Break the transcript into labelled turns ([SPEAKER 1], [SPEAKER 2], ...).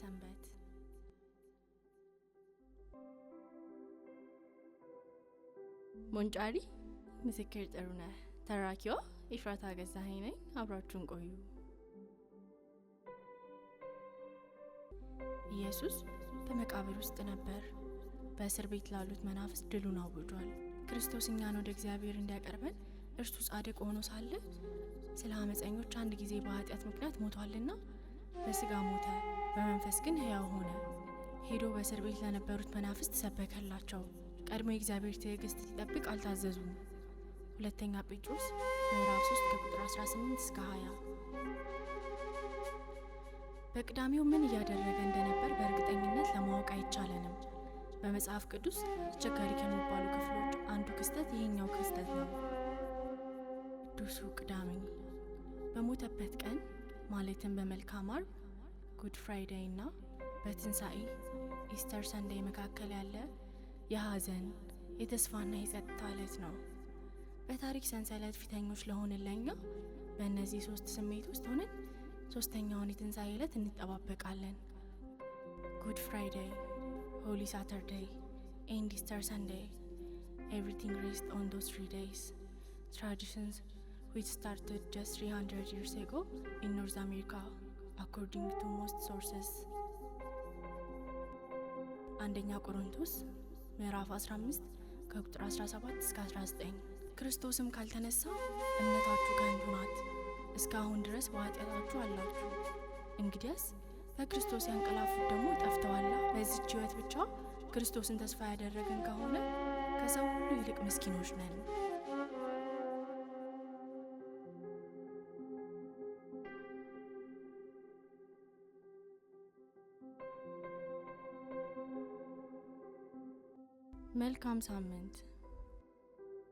[SPEAKER 1] ሰንበት። ሞንጫሪ ምስክር ጥሩ ነ! ተራኪዋ ኢፍራታ ገዛኸኝ ነኝ። አብራችሁን ቆዩ። ኢየሱስ በመቃብር ውስጥ ነበር። በእስር ቤት ላሉት መናፍስት ድሉን አውጇል። ክርስቶስ እኛን ወደ እግዚአብሔር እንዲያቀርበን እርሱ ጻድቅ ሆኖ ሳለ ስለ ዓመፀኞች አንድ ጊዜ በኃጢአት ምክንያት ሞቷልና በስጋ ሞተ። በመንፈስ ግን ሕያው ሆነ። ሄዶ በእስር ቤት ለነበሩት መናፍስት ሰበከላቸው። ቀድሞ የእግዚአብሔር ትዕግስት ሊጠብቅ አልታዘዙም። ሁለተኛ ጴጥሮስ ምዕራፍ 3 ከቁጥር 18 እስከ 20። በቅዳሜው ምን እያደረገ እንደነበር በእርግጠኝነት ለማወቅ አይቻለንም። በመጽሐፍ ቅዱስ አስቸጋሪ ከሚባሉ ክፍሎች አንዱ ክስተት ይህኛው ክስተት ነው። ቅዱሱ ቅዳሜ በሞተበት ቀን ማለትም በመልካም አርብ ጉድ ፍራይዴይ እና በትንሣኤ ኢስተር ሰንዴይ መካከል ያለ የሐዘን የተስፋና የጸጥታ ዕለት ነው። በታሪክ ሰንሰለት ፊተኞች ለሆንን ለእኛ በእነዚህ ሶስት ስሜት ውስጥ ሆነን ሶስተኛውን የትንሣኤ ዕለት እንጠባበቃለን።
[SPEAKER 2] ጉድ ፍራይዴይ፣ ሆሊ ሳተርዴይ ኤንድ ኢስተር ሰንዴይ ኤቭሪቲንግ ሬስት ኦን ዶስ ትሪ ደይስ ትራዲሽንስ ዊች ስታርትድ ጀስት 300 ይርስ አጎ ኢን ኖርዝ አሜሪካ according ቱ most ሶርስስ
[SPEAKER 1] አንደኛ ቆሮንቶስ ምዕራፍ 15 ከቁጥር 17 እስከ 19 ክርስቶስም ካልተነሳ እምነታችሁ ከንቱ ናት፣ እስካሁን ድረስ በኃጢአታችሁ አላችሁ። እንግዲያስ በክርስቶስ ያንቀላፉት ደግሞ ጠፍተዋላ። በዚች ሕይወት ብቻ ክርስቶስን ተስፋ ያደረግን ከሆነ ከሰው ሁሉ ይልቅ ምስኪኖች ነን። መልካም ሳምንት